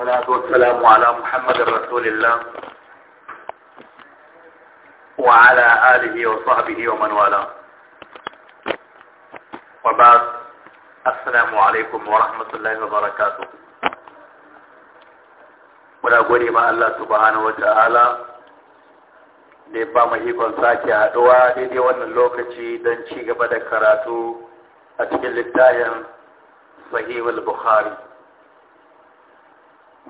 والصلاة والسلام على محمد رسول الله وعلى آله وصحبه ومن والاه وبعد السلام عليكم ورحمة الله وبركاته muna gode ma Allah subhanahu wa ta'ala da ba mu ikon sake haɗuwa daidai wannan lokaci don ci gaba da karatu a cikin littafin sahihul bukhari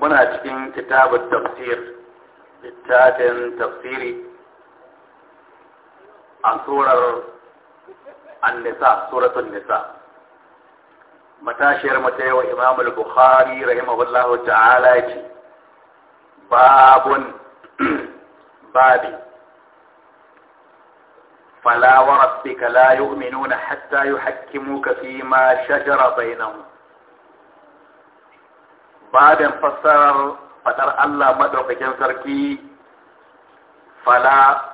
muna cikin kitabun tafsir littafin tafsiri a surar annisa suratun nisa matashiyar mata yawa imam al-bukhari rahimahullahu ta'ala ce babun babi فلا وربك لا يؤمنون حتى يحكموك فيما شجر بينهم babin fassarar fadar Allah madaukakin sarki fala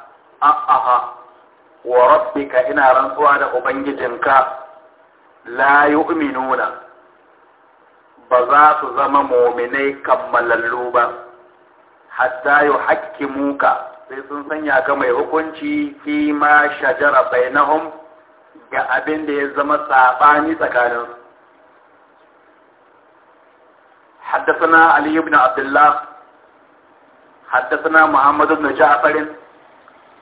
a'aha wa rabbika ina rantsuwa da ubangijinka la yu'minuna ba za su zama muminai kammalallu ba hatta yuhakkimuka sai sun sanya ka mai hukunci fi ma shajara bainahum ga abin da ya zama sabani tsakaninsu حدثنا علي بن عبد الله حدثنا محمد بن جعفر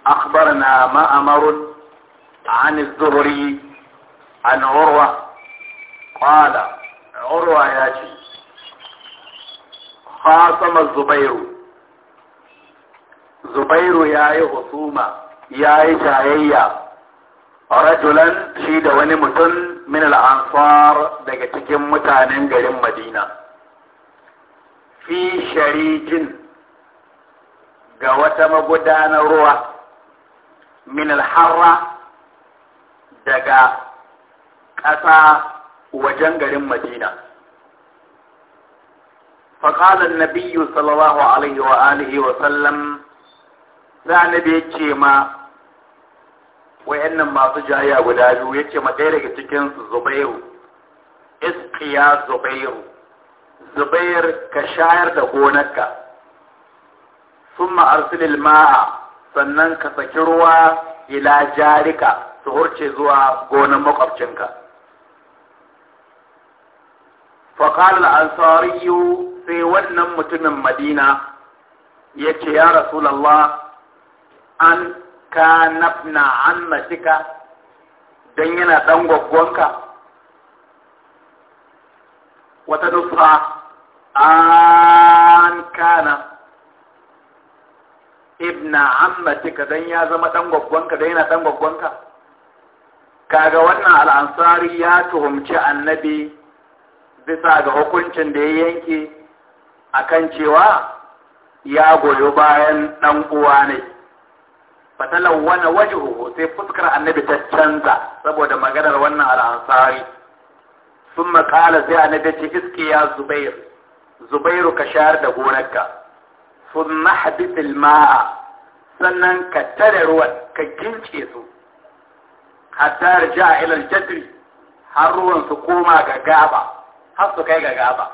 أخبرنا ما أمر عن الزهري عن عروة قال عروة ياتي خاصم الزبير زبير ياي خصومة ياي جايية رجلا شيد ونمتن من الأنصار دقتكم متانين قريم مدينة fi sharijin ga wata magudanar ruwa min alharra daga ƙasa wajen garin madina faƙalar nabiyu sallallahu alaihi wa alihi wa sallam zanabi ya ce ma wayannan masu jaya guda biyu ya ce ma ɗaya daga cikinsu zubairu iskiya zubairu zubair ka shayar da gonarka sun arsilil ma'a sannan ka saki ruwa ila jarika su hurce zuwa gonar makwabcinka faƙalar ansariyu sai wannan mutumin madina ya ce ya rasulallah an ka nafna an matika don yana ɗan gwaggwanka wata nufa an kana ibna ammatika dan ya zama dan gwaggwanka dan yana dan ka. kaga wannan al'ansari ya tuhumci annabi bisa ga hukuncin da ya yanke akan cewa ya goyo bayan ɗan uwa ne fatalawwana wajhuhu sai fuskar annabi ta canza saboda maganar wannan al'ansari sun makala sai annabi ce iske ya zubair zubairu ka shayar da gonarka sun mahadisil ma'a sannan ka tare ruwan ka gince su hatta rija ilal jadri har ruwan su koma ga gaba har su kai ga gaba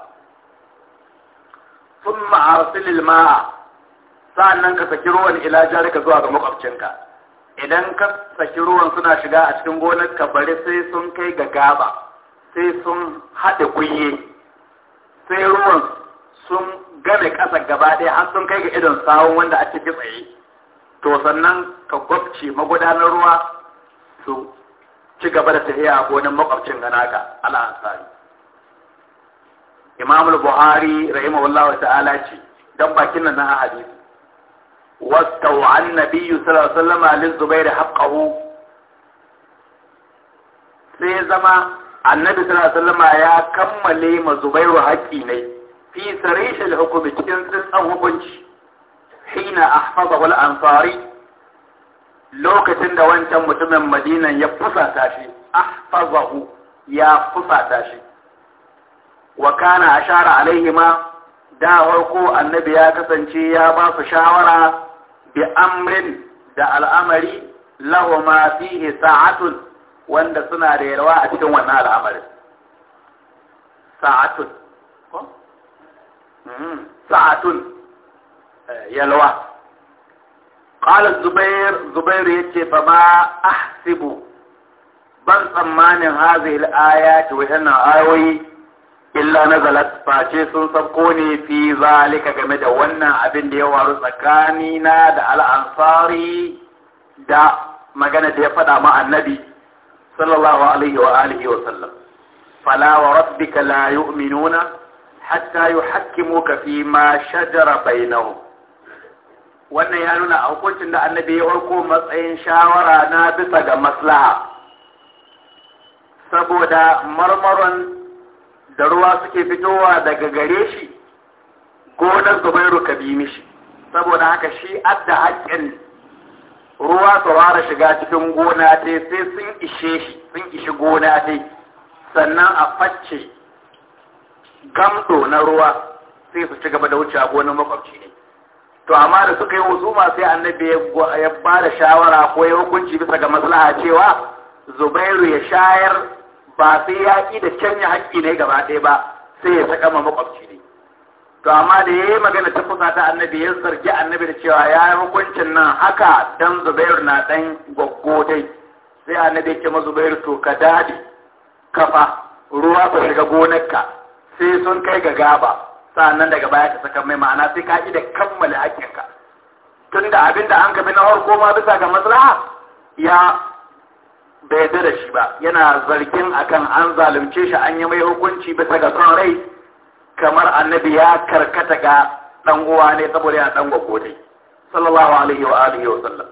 sun ma'arsilil ma'a sa'annan ka saki ruwan ila jarika zuwa ga makwabcinka idan ka saki ruwan suna shiga a cikin gonar ka bari sai sun kai ga gaba sai sun haɗe kunye sai ruwan sun game ƙasa gaba ɗaya har sun kai ga idon sawun wanda a cikin tsaye to sannan ka gwabce magudanar ruwa su ci gaba da tafiya a maƙwabcin makwabcin ganaka ala imamul imam rahima buhari rahimahullah ta'ala ce dan bakin nan na hadisi wastau an nabiyyu sallallahu alaihi wasallam lil zubair haqqahu sai zama annabi sallallahu alaihi ya kammale ma zubairu haƙi ne fi sarishil hukumi cikin tsintsan hukunci hina ahfazahu wal ansari lokacin da wancan mutumin madinan ya fusata shi ahfazahu ya fusata shi wa kana ashara alaihi ma da farko annabi ya kasance ya ba su shawara bi amrin da al'amari lahu ma fihi sa'atun wanda suna da yalwa a cikin wannan al'amarin sa'atun mm-hmm. sa'atun eh, yalwa qala zubair zubair yace ba ma ahsibu ban tsammanin hadhihi al-ayati wa ayoyi illa nazalat face sun sabko ne fi zalika game da wannan abin da ya waru tsakanina da al'ansari da magana da ya faɗa ma annabi sallallahu alaihi wa alihi wa sallam fala wa rabbika la yu'minuna hatta yuhakkimuka fi ma wannan ya nuna a hukuncin da annabi ya warko matsayin shawara na bisa ga maslaha saboda marmaron da ruwa suke fitowa daga gare shi gonar zubairu ka bi mishi saboda haka shi adda haƙƙin ruwa su fara shiga cikin gona sai sun ishe shi sun ishi gona sannan a facce gamdo na ruwa sai su ci gaba da wuce a gonar makwabci ne to amma da suka yi husuma sai annabi ya ba da shawara ko ya hukunci bisa ga maslaha cewa zubairu ya shayar ba sai ya da canya haƙƙi ne gaba ɗaya ba sai ya saka ma makwabci ne to amma da ya yi magana ta kusa ta annabi ya zargi annabi da cewa ya yi hukuncin nan haka dan zubairu na dan goggo dai sai annabi ya mazu bayar to ka dade kafa ruwa ba shiga gonarka sai sun kai ga gaba sa'annan daga baya ka saka mai ma'ana sai ka da kammala hakkinka abin da an kafi na farko ma bisa ga maslaha ya bai da shi ba yana zargin akan an zalunce shi an yi mai hukunci bisa ga son rai kamar annabi ya karkata ga dan uwa ne saboda ya dan gwaggo ne sallallahu alaihi wa alihi wa sallam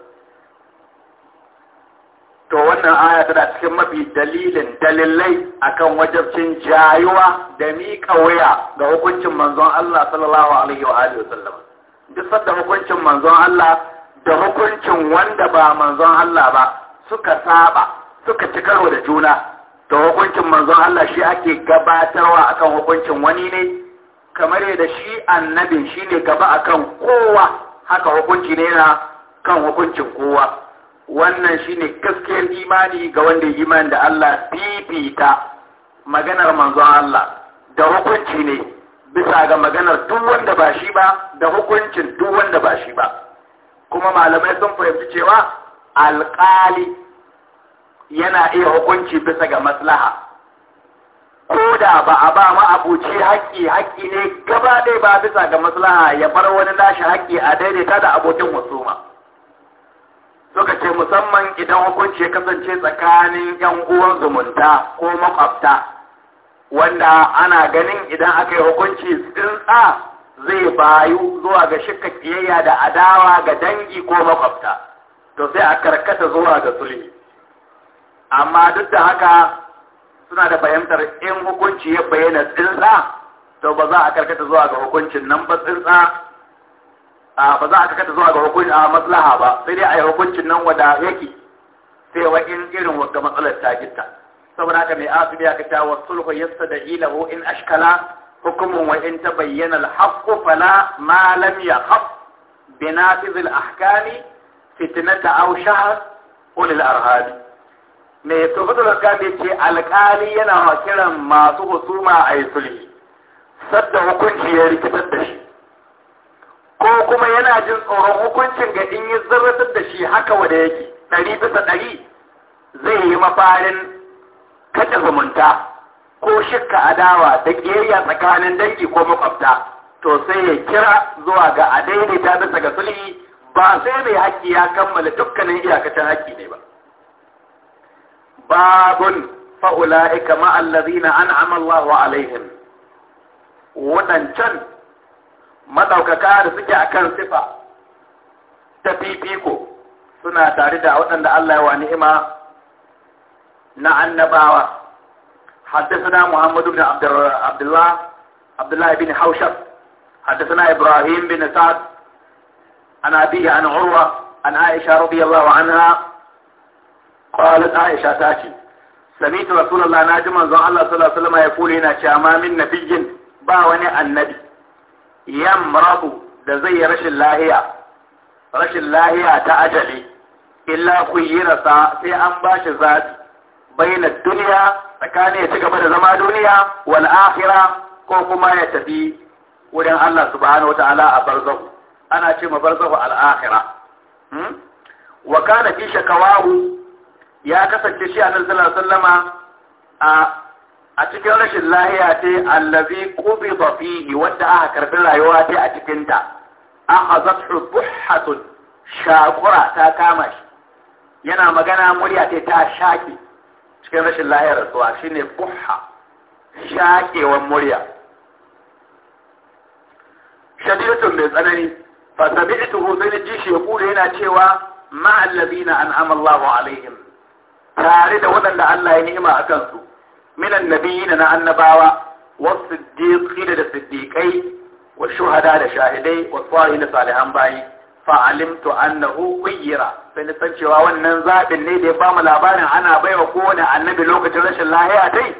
to wannan aya tana cikin mafi dalilin dalilai akan wajabcin jayuwa da miƙa waya ga hukuncin manzon Allah sallallahu alaihi wa alihi wa sallam duk sadda hukuncin manzon Allah da hukuncin wanda ba manzon Allah ba suka saba suka ci karo da juna to hukuncin manzon Allah shi ake gabatarwa akan hukuncin wani ne kamar yadda shi annabin shi ne gaba akan kowa haka hukunci ne na kan hukuncin kowa wannan shi ne gaskiyar imani ga wanda imani da Allah fifita maganar manzon Allah da hukunci ne bisa ga maganar duk wanda ba shi ba da hukuncin duk wanda ba shi ba kuma malamai sun fahimci cewa alƙali yana iya hukunci bisa ga maslaha ko da ba a ba ma'abuci haƙƙi haƙƙi ne gaba ɗaya ba bisa ga maslaha ya bar wani nashi haƙƙi a daidaita da abokin wasu ma. suka ce musamman idan hukunci ya kasance tsakanin yan uwan zumunta ko makwabta wanda ana ganin idan aka yi hukunci tsa zai bayu zuwa ga shikka kiyayya da adawa ga dangi ko makwabta to sai a karkata zuwa ga sulhi amma duk da haka suna da fahimtar in hukunci ya bayyana tsinsa to ba za a karkata zuwa ga hukuncin nan ba tsinsa ba za a karkata zuwa ga hukunci a maslaha ba sai dai a yi hukuncin nan wada yake sai wa in irin wata matsalar ta gitta saboda haka mai asibi aka ta wa sulhu yastada'i lahu in ashkala hukumun wa in tabayyana al-haqqu fala ma lam yahab bi nafiz al-ahkami fitnata aw shahr ulil arhadi mai tufatul gabe ce alƙali yana kiran masu husuma a yi sulhi sadda hukunci ya rikitar da shi ko kuma yana jin tsoron hukuncin ga in yi zarratar da shi haka wada yake ɗari bisa ɗari zai yi mafarin kada zumunta ko shakka adawa da ƙiyayya tsakanin dangi ko makwabta to sai ya kira zuwa ga adaidaita bisa ga sulhi ba sai mai haƙƙi ya kammala dukkanin iyakacin haƙƙi ne ba باب فأولئك مع الذين أنعم الله عليهم waɗancan ما da suke a kan sifa ta fifiko suna tare da الله Allah ya wa حدثنا محمد بن عبد الله عبد الله بن حوشب حدثنا إبراهيم بن سعد عن أبيه عن عروة عن عائشة رضي الله عنها qalat aisha ta ce sami'tu rasulullah na ji manzon Allah sallallahu alaihi wasallam ya kula yana cewa ma min nabiyyin ba wani annabi yamrabu da zai yi rashin lahiya rashin lahiya ta ajali illa rasa sai an bashi zaɓi bayyana duniya tsakanin ya ci gaba da zama duniya wal akhira ko kuma ya tafi wurin Allah subhanahu wataala a barzahu ana ce ma barzahu al akhira wa kana fi shakawahu ya kasance shi a sallallahu sallama a cikin rashin lahiya ce Allabi Kubi fihi wanda aka karbi rayuwa ta a cikin ta akhazathu buhhatun shaqura ta kama shi yana magana murya ce ta shaki cikin rashin lahiyar rasuwa shine buhha shakewan murya shadidatun mai tsanani fa sami'tuhu sai ji shi yana cewa ma allazina an'ama alaihim tare da waɗanda Allah ya ni'ima a kansu minan nabiyina na annabawa wasu siddiqina da siddiƙai wa shuhada da shahidai wa da salihan bayi fa'alimtu annahu khuyira sai na san cewa wannan zaɓin ne da ya bamu labarin ana baiwa kowane annabi lokacin rashin lahiya dai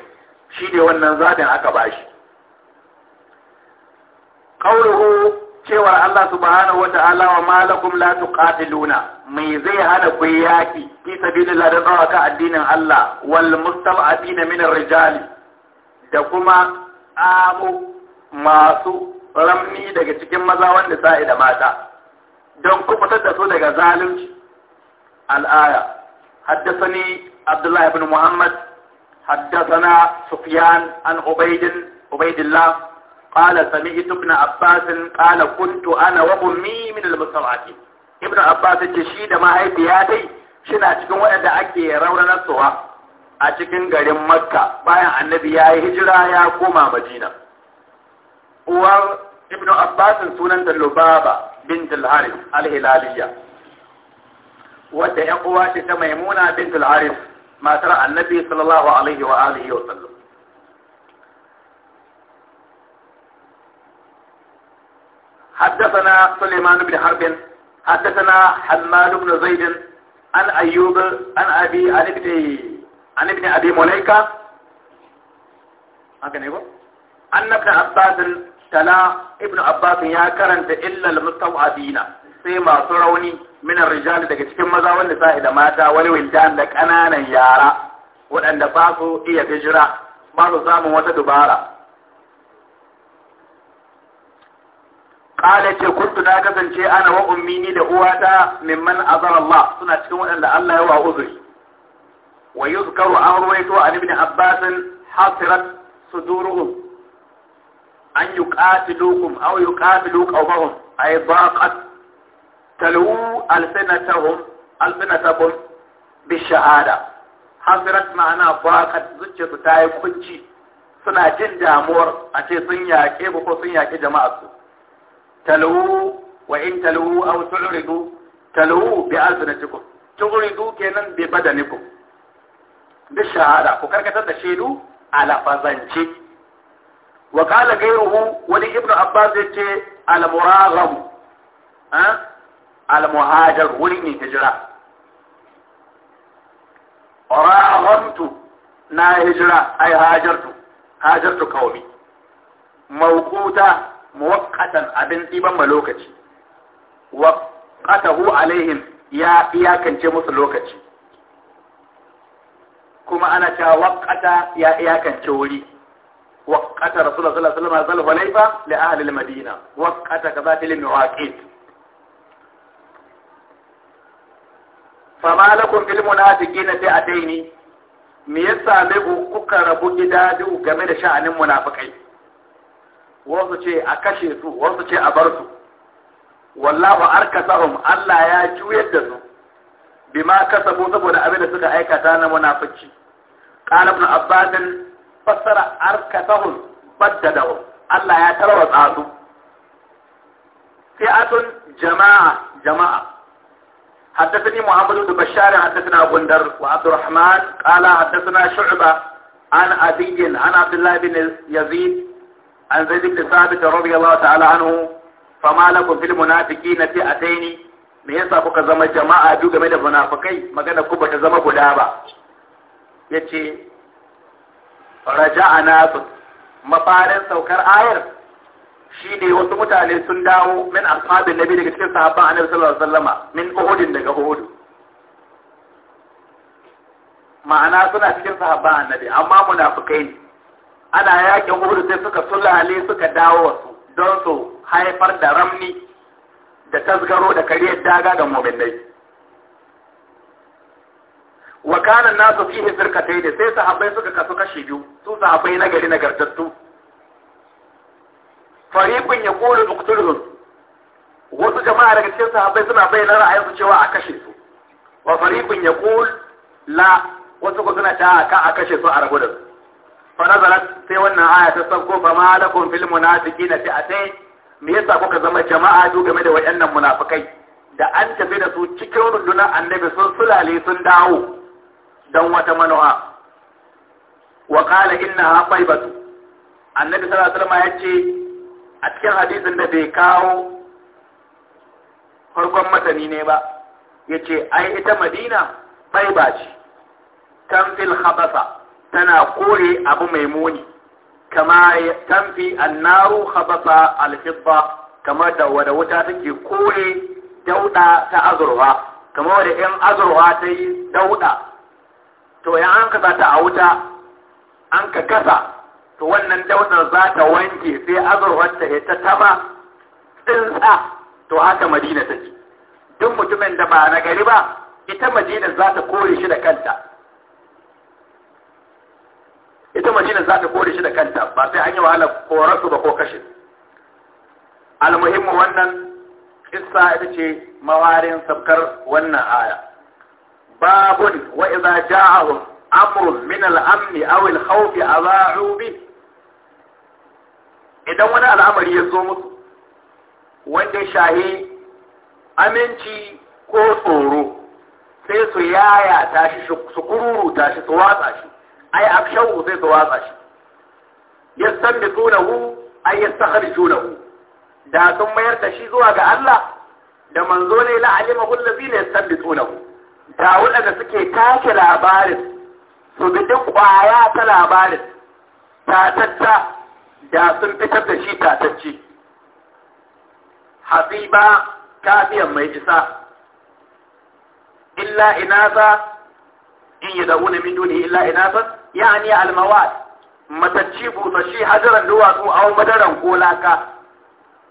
shi ne wannan zaɓin aka bashi qawluhu cewar Allah subhanahu wata'ala wa malakum la tuqatiluna mai zai hana ku yaki fi sabilillah da tsawa ka addinin Allah wal mustad'afina min ar-rijal da kuma amu masu ramni daga cikin maza wanda sa'i da mata don kubutar da su daga zalunci al-aya haddathani Abdullah ibn Muhammad haddathana Sufyan an Ubayd Ubaydillah قال سمعت ابن عباس قال كنت انا وامي من المستضعفين ابن عباس ce shi da mahaifiyata shina cikin waɗanda ake rauranar suwa a cikin garin makka bayan annabi ya yi hijira ya koma madina uwar ibn abbas sunanta lubaba bint al-harith al wadda ya uwa ce ta maimuna bint al matar annabi sallallahu alaihi wa alihi wa sallam حدثنا سليمان بن حرب حدثنا حماد بن زيد عن أيوب عن أبي عن ابن عن ابن أبي مليكة أن ابن عباس تلا ابن عباس يا كرنت إلا المستوعبين سيما سروني من الرجال daga cikin maza wanda sa'i da mata wani wildan da ƙananan yara waɗanda ba su iya hijira ba su samun wata dubara qala ce kuntu na kasance ana wa ummi ni da uwata mimman azar Allah suna cikin waɗanda Allah ya wa uzuri wa yuzkaru an ruwaito an ibn Abbas hasirat suduruhum an yuqatilukum aw yuqatilu qawmahum ay baqat talu alsinatahum alsinatahum bishahada hasirat ma'ana baqat zuciyarsu ta yi kunci suna jin damuwar a ce sun yaƙe ko sun yaƙe jama'arsu تلووا وإن تلووا أو تعرضوا تلووا بألسنتكم تعرضوا كينا ببدنكم بالشهادة وكركة تشهدوا على فزنتي وقال غيره ولي ابن عباس على مراغم ها على مهاجر ولي هجرة راغمت نا هجرة أي هاجرت هاجرت قومي موقوتة muwaqqatan abin tsiban ma lokaci wa qatahu alaihim ya iyakance musu lokaci kuma ana cewa waƙata ya iyakance wuri waqata rasulullah sallallahu alaihi wasallam al-hulaifa li ahli almadina madina waqata kaza lil muwaqit fama lakum fil munafiqina fi'ataini me yasa ku kuka rabu gida game da sha'anin munafikai wasu ce a kashe su wasu ce a bar su wallahu arkasahum Allah ya juyar da su bima kasabu saboda abin da suka aikata na munafici qala ibn abbas fassara arkasahum baddadahu Allah ya tarwatsa su fi'atun jama'a jama'a حدثني محمد بن بشار حدثنا غندر وعبد الرحمن قال حدثنا شعبة عن أبي عن عبد الله بن يزيد an zai duk da sabit radiyallahu ta'ala anhu fama lakum fil munafiqina fi'atayn me yasa kuka zama jama'a biyu game da munafikai magana ku bata zama guda ba yace raja'ana su mafarin saukar ayar shi ne wasu mutane sun dawo min ashabin nabi daga cikin sahabban annabi sallallahu alaihi wasallama min uhudin daga uhud ma'ana suna cikin sahabban annabi amma munafikai ne ana yakin uhud sai suka sulale suka dawo wasu don su haifar da ramni da tasgaro da kariyar daga da mu'minai wa kana nasu fihi firqatayn sai sahabbai suka kasu kashi biyu su sahabbai na gari nagartattu fariqun yaqulu uqtuluhum wasu jama'a daga cikin sahabbai suna bayyana ra'ayin su cewa a kashe su wa fariqun yaqul la wasu ko suna ta ka a kashe su a rabu da su fanazalat sai wannan aya ta sauko fa ma lakum fil munafiqina atay me yasa kuka zama jama'a du game da wayannan munafikai da an tafi da su cikin rundunar annabi sun sulale sun dawo don wata mano'a wa qala inna faibatu annabi sallallahu alaihi wasallam ya ce a cikin hadisin da bai kawo farkon matani ne ba yace ai ita madina faiba ce tamfil khabasa tana kore abu mai muni kama tamfi annaru khabasa alhibba, kama da wada wuta take kore dauda ta azurwa kama wada yan azurwa ta yi dauda to ya an kasa ta a wuta an ka kasa to wannan daudar za ta wanke sai azurwar ta ta taba tsinsa to haka madina ta take duk mutumin da ba na gari ba ita madina za ta kore shi da kanta ita madina za ta kore shi da kanta ba sai an yi wahala korarsu ba ko kashin almuhimmu wannan kissa ita ce mawarin sabkar wannan aya babun wa idza ja'ahum amrun min al-amn aw al-khawf adha'u bi idan wani al'amari ya zo musu wanda shahi aminci ko tsoro sai su yaya tashi su kururu tashi su watsa shi ai akshawu sai su watsa shi yastanbitunahu ay yastakhrijunahu da sun mayar da shi zuwa ga Allah da manzo ne la alima kullazina yastanbitunahu da da suke take labarin su bi duk kwaya ta labarin tatta, da sun fitar da shi tatacci hasiba kafiyan mai isa illa inasa in yi zaune min dole illa inasan ya ni almawat matacci busashi hadaran duwatsu au madaran ko laka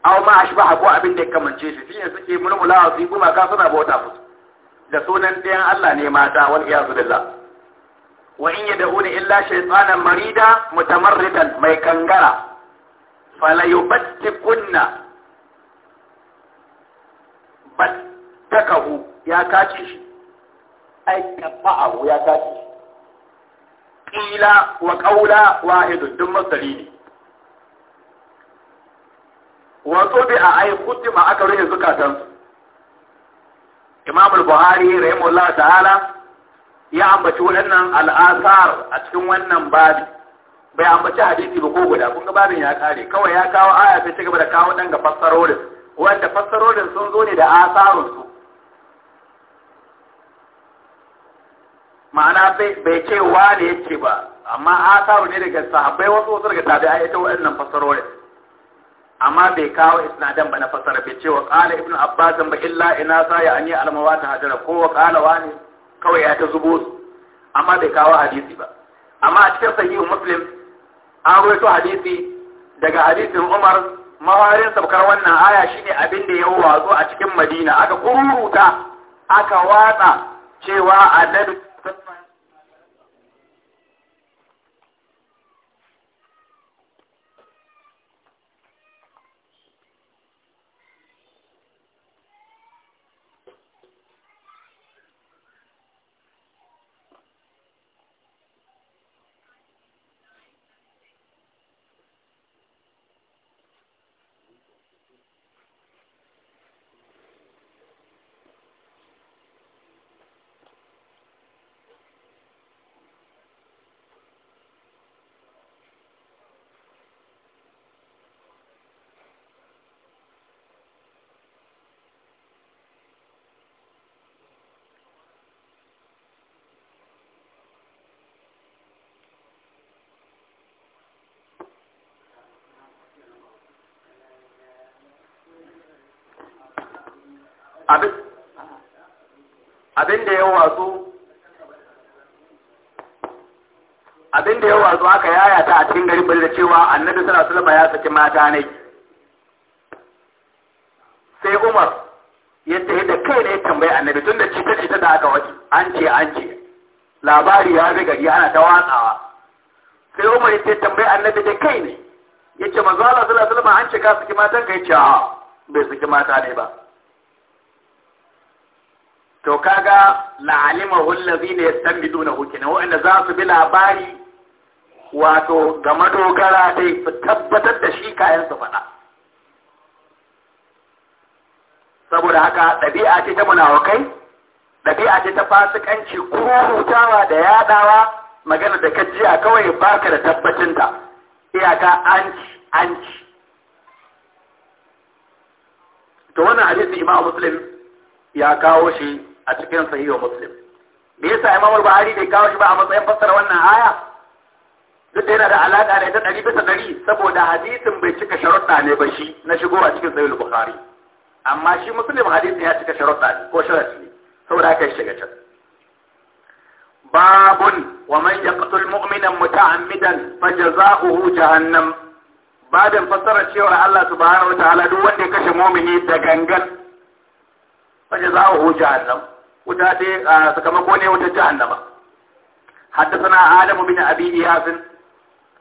au ma ashbaha ko abin da ya kamance shi shine suke mulmulawa su yi kuma ka suna bauta musu da sunan ɗayan Allah ne mata wal iyazu billah wa in yad'una illa shaytanan marida mutamarridan mai kangara fala yubattikunna battakahu ya kace shi ai Abu ya tashi Ƙila wa qawla wahidun duk masdari ne wa a ai ma aka rufe zukatansu Imam buhari rahimahullah ta'ala ya ambaci waɗannan al'asar a cikin wannan babi bai ambaci hadisi ba ko guda kun babin ya kare kawai ya kawo aya sai ta gaba da kawo dan ga fassarorin wanda fassarorin sun zo ne da asarun ma'ana bai ce ne yake ba amma a samu ne daga sahabbai wasu wasu daga tabi'a ita waɗannan fasarori amma bai kawo isnadan ba na fasara bai ce wa kala ibnu abbas ba illa ina sa ya yi almawa ta hajara ko wa wa wani kawai ya ta zubo su amma bai kawo hadisi ba amma a cikin sahihu muslim an rawaito hadisi daga hadisin umar mawarin sabkar wannan aya shine abin da ya wazo a cikin madina aka kururuta aka watsa cewa annabi abin da ya watsu abin da ya watsu aka yaya ta a cikin garin bari da cewa annabi suna alaihi ya saki mata ne sai Umar ya yadda kai ne tambayi annabi tun da cita cita da aka waje an ce an ce labari ya riga gari ana ta watsawa sai Umar ya tafi tambayi annabi da kai ne yace manzo Allah suna alaihi an ce ka saki matan ka yace a bai saki mata ne ba to kaga san allazina yastanbiduna hukina wanda za su bi labari wato ga madogara dai su tabbatar da shi kayan su faɗa saboda haka ɗabi'a ce ta munawakai ɗabi'a ce ta fasikanci kurutawa da yaɗawa magana da kajiya kawai baka da tabbacinta iyaka anci anci to wannan hadisi imamu muslim ya kawo shi a cikin sahihu muslim me yasa imam al-buhari bai kawo shi ba a matsayin fassara wannan aya duk da yana da alaka da ita ɗari bisa ɗari saboda hadisin bai cika sharuɗa ne ba shi na shigo a cikin sahihul bukhari amma shi muslim hadisin ya cika sharuɗa ne ko sharaɗi ne saboda aka shiga can babun wa man yaqtul mu'minan muta'ammidan fajaza'uhu jahannam babin fassara cewar Allah subhanahu ta'ala duk wanda ya kashe mu'mini da gangan fajaza'uhu jahannam wuta dai a sakamako ne wutar jahannama haddasa na alamu bin abi yazin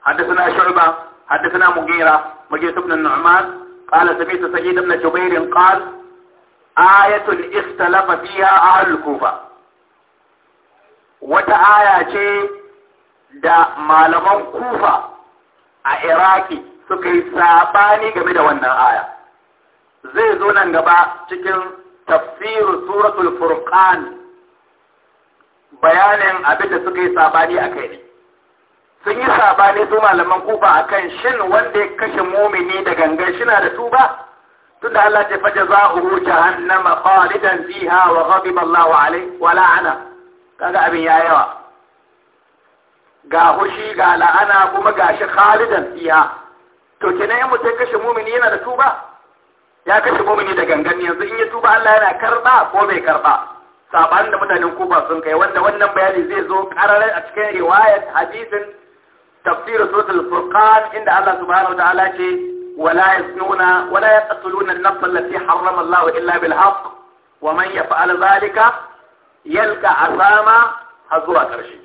haddasa na shurba haddasa na mugira mage ibn nu'man qala sami'tu sayyid ibn jubair qal ayatu ikhtalafa fiha ahl kufa wata aya ce da malaman kufa a iraki suka yi sabani game da wannan aya zai zo nan gaba cikin tafsiru suratul furqan bayanin abin da suka yi sabani a kai ne sun yi sabani su malaman kufa a kan shin wanda ya kashe momini da gangan shina da tuba tun da Allah ce faje za uhu jahannama khalidan fiha wa ghadiba wa alai wa la'ana kaga abin ya yawa ga hushi ga la'ana kuma gashi khalidan fiha to kenan in mutum kashe momini yana da tuba ya kashe mumini da gangan yanzu in ya tuba Allah yana karba ko bai karba sabanin da mutanen kufa sun kai wanda wannan bayani zai zo kararai a cikin riwayat hadisin tafsir al furqan inda Allah subhanahu wa ta'ala ce wala yasnuna wala yaqtuluna an-nafs allati harrama Allah illa bil haqq wa man yaf'al zalika yalqa azama har zuwa karshe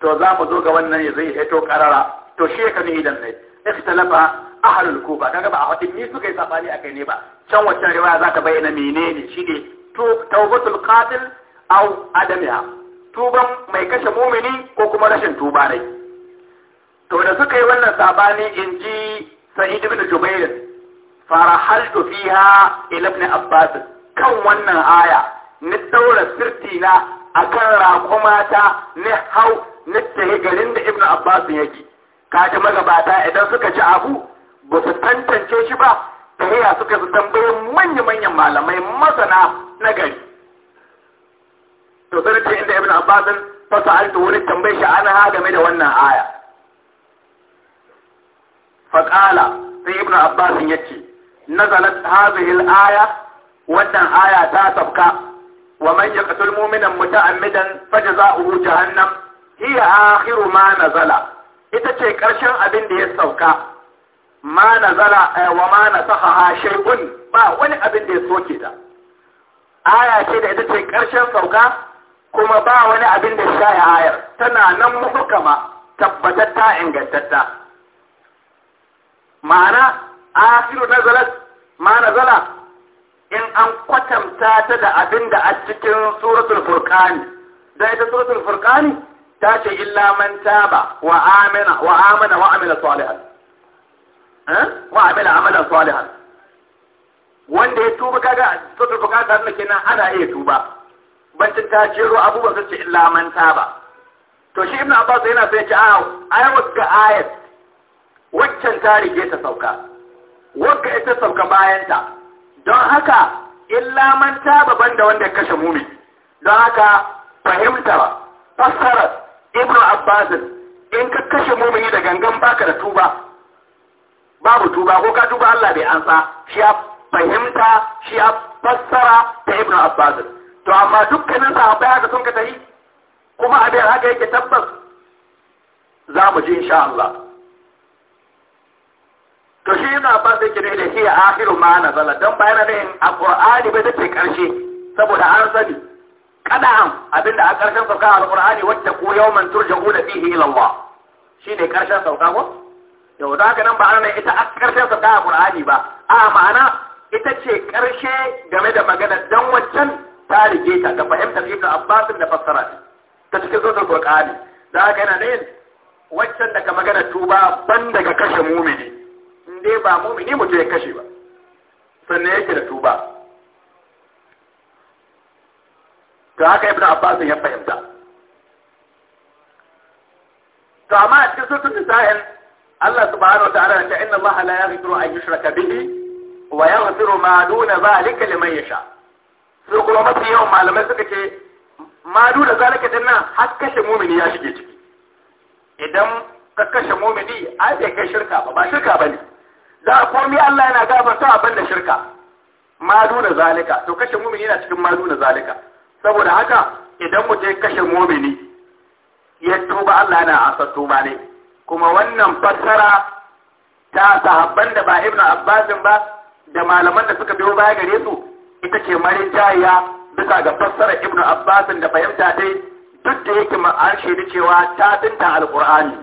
to za mu zo ga wannan zai hito karara to shi ka ni idan ne ikhtalafa ahlul kufa kaga ba a wadin ni suka yi sabani akai ne ba can waccan riwaya zaka bayyana menene shine to tawbatul qatil aw adamiha tuban mai kashe mumini ko kuma rashin tuba ne to da suka yi wannan sabani inji sa'id ibn jubair farahaltu fiha ila ibn abbas kan wannan aya ni daura sirtina akan raƙumata ni hau ni garin da ibn abbas yake kaji magabata idan suka ci abu ba su tantance shi ba tarayya suka su tambayin manya-manyan malamai masana na gari to sai ce inda ibn abbasin fasa alta wurin tambayi shi an ha game da wannan aya faƙala sai ibn abbasin ya ce nazalat hazihil aya wannan aya ta sabka wa man yaqtul mu'minan muta'ammidan fajza'uhu jahannam hiya akhiru ma nazala ita ce ƙarshen abin da ya sauka ma zara eh, wa ma ha shaikun ba wani abin da ya soke ta aya ce da ita ce ƙarshen sauka kuma ba wani abin da sha ya ayar tana nan muhukama tabbatatta ingantatta ma'ana asiru nazalat ma nazala in an kwatanta ta da abin da a cikin suratul furqani da ita suratul furqani ta ce illa man taba wa amina wa amina wa amila salihan eh? wa amila amalan salihan wanda ya tuba kaga sutur bukatar na kenan ana iya tuba bancin ta jero abubuwan sun ce illa man taba to shi ibn abbas yana sai ce a ai wagga ayat waccan ta rige ta sauka wagga ita sauka bayan ta don haka illa man taba banda wanda ya kashe mumi don haka fahimta fassara. Ibnu abbas in ka kashe mumini da gangan baka da tuba babu tuba ko ka tuba Allah bai ansa shi ya fahimta shi ya fassara ta ibnu abbas to amma dukkanin sahabbai haka sun ka tayi kuma abin haka yake tabbas za mu ji insha Allah to shi ibnu abbas yake ne da shi akhiru ma nazala dan bayanan alqur'ani bai take karshe saboda an sani kada'an abinda a ƙarshen sauka alƙur'ani wacce ku yawman da fihi ila Allah shine ƙarshen sauka ko yau da haka nan ba ana ita a ƙarshen sauka alƙur'ani ba a ma'ana ita ce ƙarshe game da magana dan waccan ta rige ta da fahimtar Ibn Abbas da fassara ta cikin zuwa Qur'ani da haka yana ne waccan daga magana tuba ban daga kashe mumini in dai ba mumini mutum ya kashe ba sannan yake da tuba to haka ibn abbas ya fahimta to amma a cikin sutun nisa'in Allah subhanahu wa ta'ala ya inna Allah la yaghfiru an yushraka bihi wa yaghfiru ma duna zalika liman yasha su kuma mafi yawan malamai suka ce ma duna zalika dinnan har kashe mumini ya shige ciki idan ka kashe mumini ai bai kai shirka ba ba shirka ba ne. da komai Allah yana gafarta abin da shirka ma duna zalika to kashe mumini yana cikin ma duna zalika saboda haka idan mutum je kashe mumini ya tuba Allah yana asa tuba ne kuma wannan fassara ta sahabban da ba Ibn Abbasin ba da malaman da suka biyo baya gare su ita ce marinjaya bisa ga fassara Ibn Abbasin da fahimta dai duk da yake an shaidu cewa ta dinta alqur'ani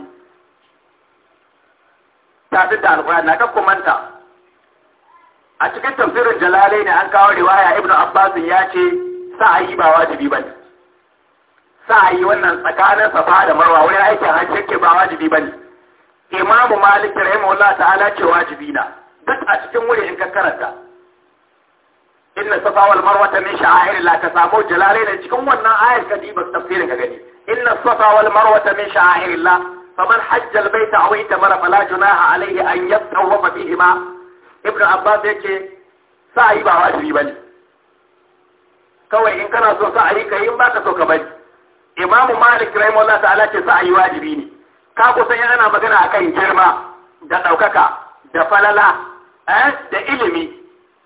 ta dinta alqur'ani na ka kumanta a cikin tafsirin jalalai ne an kawo riwaya Ibn Abbasin ya ce yi ba wajibi ba bane yi wannan tsakanin safa da marwa wurin aikin hajji yake ba wajibi bane imamu malik rahimahullah ta'ala ce wajibi na duk a cikin wuri in ka karanta inna safa wal marwa ta min sha'air la ka samu jalalain cikin wannan ayar ka diba tafsirin ka gani inna safa wal marwa ta min sha'air la faman hajja al baita aw itamara fala junaha alayhi an yatawafa bihima ibnu abbas yake sa'ayi ba wajibi bane kawai in kana so yi ka yi in baka so ka bari imamu malik rahimahullah ta'ala ce yi wajibi ne ka kusan yana magana akan girma da ɗaukaka da falala eh, da ilimi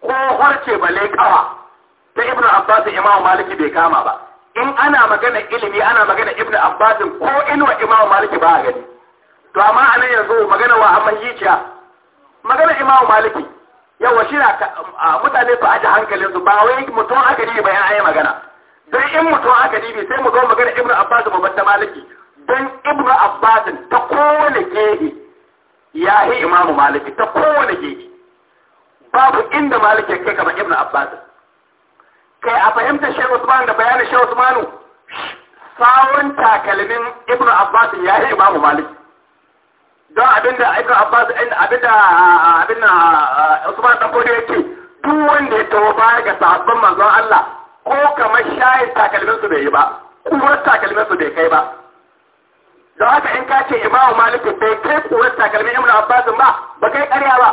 ko harce balai kawa ta ibn abbas imamu maliki bai kama ba in ana magana ilimi ana magana ibn abbas ko inuwa imamu maliki ba a gani to amma anan yanzu magana wa amma yiciya magana imamu maliki yawa shi na mutane su aji hankalin su ba wai mutum aka dibi bayan ayi magana don in mutum aka dibi sai mu zo magana ibnu abbas babban ta maliki don ibnu abbas ta kowane gehe ya yi imamu maliki ta kowane gehe babu inda maliki kai kamar ibnu abbas kai a fahimtar shehu usman da bayanin shehu usmanu sawon takalmin ibnu abbas ya yi imamu maliki don abinda aikin abbas abinda eh, abin ah, ah, ah, usman dan bodi yake duk wanda ya tawo baya ga sahabban manzon Allah ko kamar shayin takalmin su bai yi ba kuwar takalmin su bai kai ba da haka in ka ce imamu Maliki bai kai kuwar takalmin ibn abbas ba ba kai ƙarya ba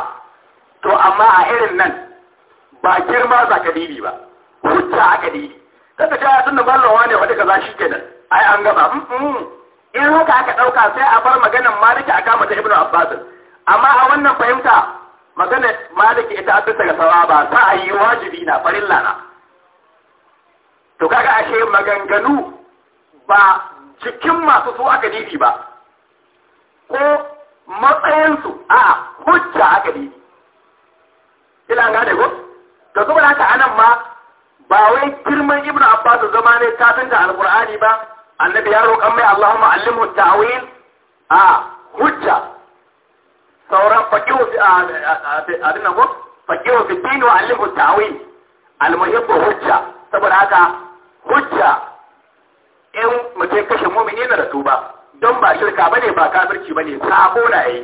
to amma a irin nan ba girma za ka dibi ba hujja aka dibi kada ka tunda mallawa ne wanda shi kenan. ai an gaba mm, mm. in haka aka ɗauka sai a bar maganar maliki a kama ta ibnu abbas amma a wannan fahimta maganar maliki ita a bisa ga sawaba ta a yi wajibi na farilla na to kaga ashe maganganu ba cikin masu su aka dibi ba ko matsayinsu a hujja aka dibi ina gane ko to saboda haka anan ma ba wai girman ibnu abbas zama ne kafin da alqur'ani ba annabi ya roƙon mai Allahumma ma'allin ta'wil a hujja sauran faqihu fi abin ko faqihu fi din wa allimhu ta'wil almuhibbu hujja saboda haka hujja in mutum kashe mu'mini na da tuba don ba shirka bane ba kafirci bane sabo na yi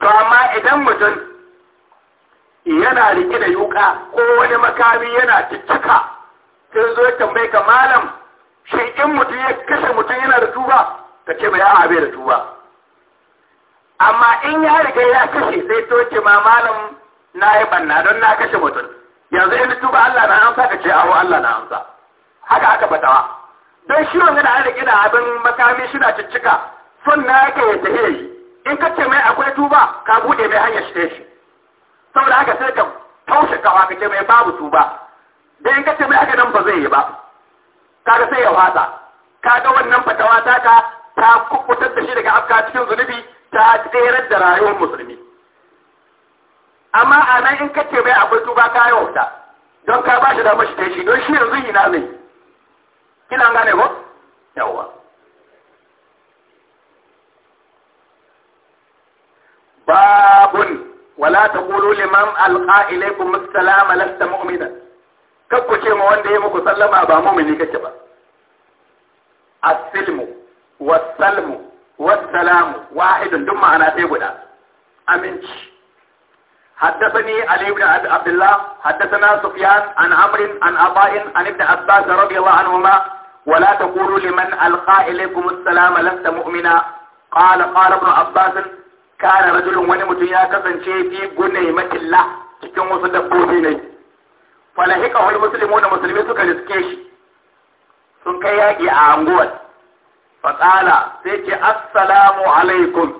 to amma idan mutum yana rike da yuka ko wani makami yana cicika sai zo tambaye ka malam shin in mutum ya kashe mutum yana da tuba ka ce mai a'a da tuba amma in ya riga ya kashe sai to ce ma malam na yi banna don na kashe mutum yanzu in tuba Allah na amsa ka ce awo Allah na amsa haka haka batawa don shi wani da riga da abin makami shi na ciccika son na yake ya tafiye yi in ka ce mai akwai tuba ka bude mai hanyar shi shi saboda haka sai ka taushe kawa ka ce mai babu tuba da in ka ce mai haka nan ba zai yi ba kaga sai ya ka kaga wannan fatawa ta ka ta kubutar da shi daga afka cikin zunubi ta tserar da rayuwar musulmi amma a nan in kace bai akwai tuba ka yi wauta don ka ba shi damar shi shi don shi yanzu yi na zai kina gane ko yawa babun wala taqulu liman alqa ilaykum assalama lasta mu'mina kar ku ce ma wanda ya muku sallama ba mumini kake ba as-silmu was-salmu was-salamu wahidun duk ma'ana sai guda aminci حدثني علي بن عبد الله حدثنا سفيان عن عمرو عن عطاء عن ابن عباس رضي الله عنهما ولا تقولوا لمن القى اليكم السلام لست مؤمنا قال قال ابن عباس كان رجل ونمت يا كسن شيء في غنيمه الله cikin wasu dabbobi ne wala hika wal muslimu da musulmi suka riske shi sun kai yaƙi a anguwar faƙala sai ce assalamu alaikum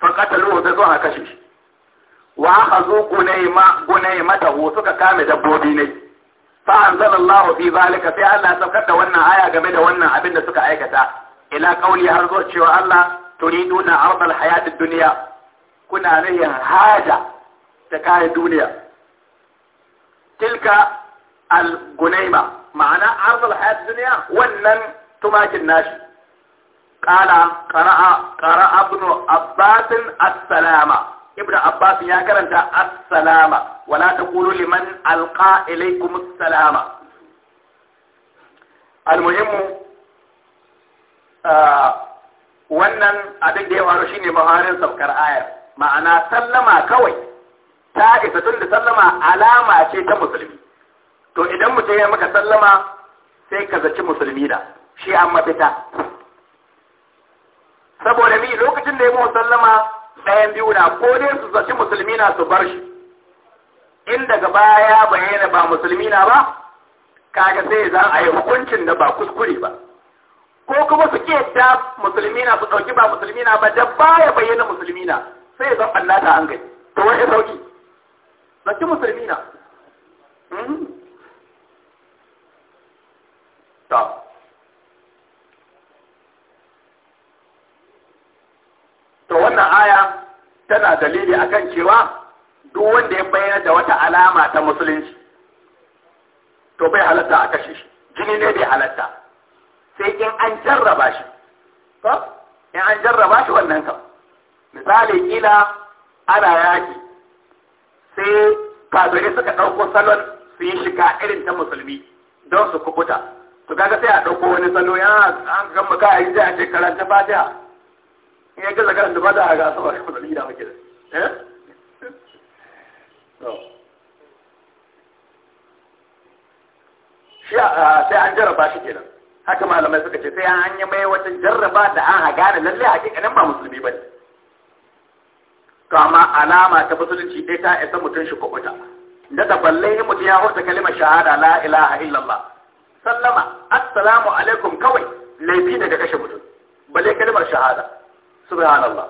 faƙatalu sai zuwa kashe shi wa aka zo gunai mata suka kame dabbobi ne fa anzalallahu fi zalika sai Allah saukar da wannan aya game da wannan abin da suka aikata ila kauli har zuwa cewa Allah na ardal hayatid dunya kuna nahi haja ta kare duniya تلك الجنيمة معنى عرض الحياة الدنيا ونن تماك الناس قال قرأ قرأ ابن عباس السلامة ابن عباس يا كرنت السلامة ولا تقولوا لمن ألقى إليكم السلامة المهم آه wannan abin da ya faru shine maharin كوي ta da sallama alama ce ta musulmi to idan mutum ya maka sallama sai ka zaci musulmi da shi an mafita saboda mi lokacin da ya mu sallama ɗayan biyu na ko dai su zaci musulmi na su bar shi in daga baya ya bayyana ba musulmi na ba kaga sai za a yi hukuncin da ba kuskure ba ko kuma su ke da musulmi na su ɗauki ba musulmi na ba da baya bayyana musulmi na sai zan ɓallata an gani to wani sauki baki musulmi na hmm? ta to wannan aya tana dalili akan cewa duk wanda ya bayar da wata alama ta musulunci to bai halatta a kashe shi jini ne bai halatta sai in an jarraba shi in an jarraba shi wannan kam misali kila ana yaki sai kafirai suka ɗauko salon su yi shiga irin ta musulmi don su kubuta to kaga sai a ɗauko wani salo ya an ga ka a yi a ce karanta fatiha in ya gaza karanta fatiha a sama wani musulmi da muke da eh? sai an jarraba shi kenan haka malamai suka ce sai an yi mai wata jarraba da an gane lallai a kikanin ba musulmi ba ne to amma alama ta musulunci dai ta isa mutum shi kubuta da ta balle mutum ya wata kalimar shahada la ilaha illallah sallama assalamu alaikum kawai laifi daga kashe mutum balle kalimar shahada subhanallah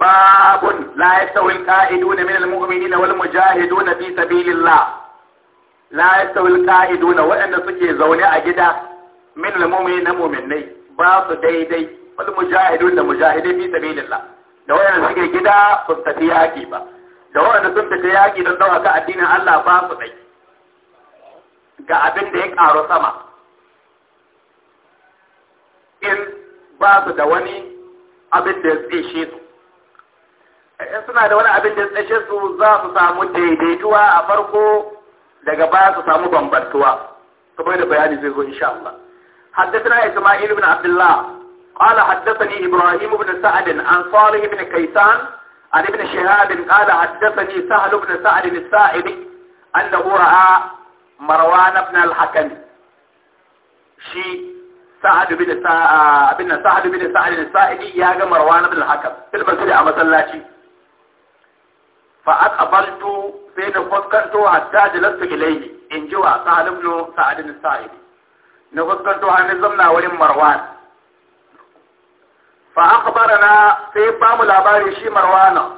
babun la yastawi alqa'iduna min almu'minina wal mujahiduna fi sabilillah la yastawi alqa'iduna waɗanda suke zaune a gida min almu'minina mu'minnai ba su daidai wal mujahidun da mujahidai fi sabilillah da wayan suke gida sun tafi yaƙi ba da wayan sun tafi yaƙi don ka addinin Allah ba su dai ga abin da ya karo sama in ba su da wani abin da ya tsaye su in suna da wani abin da ya tsaye su za su samu daidaituwa a farko daga baya su samu bambantuwa kamar da bayani zai zo insha Allah حدثنا إسماعيل بن عبد الله قال حدثني إبراهيم بن سعد عن صالح بن كيسان عن ابن شهاب قال حدثني سهل بن سعد السائب أنه رأى مروان بن الحكم شي سعد بن سعد آه، بن سعد بن سعد السائب يا مروان بن الحكم في المسجد على مسلاتي فأقبلت بين na حتى جلست إليه إن جوا ji بن سعد ibn sa'ad al-sa'idi na مروان fa na, sai ba mu labari shi marwana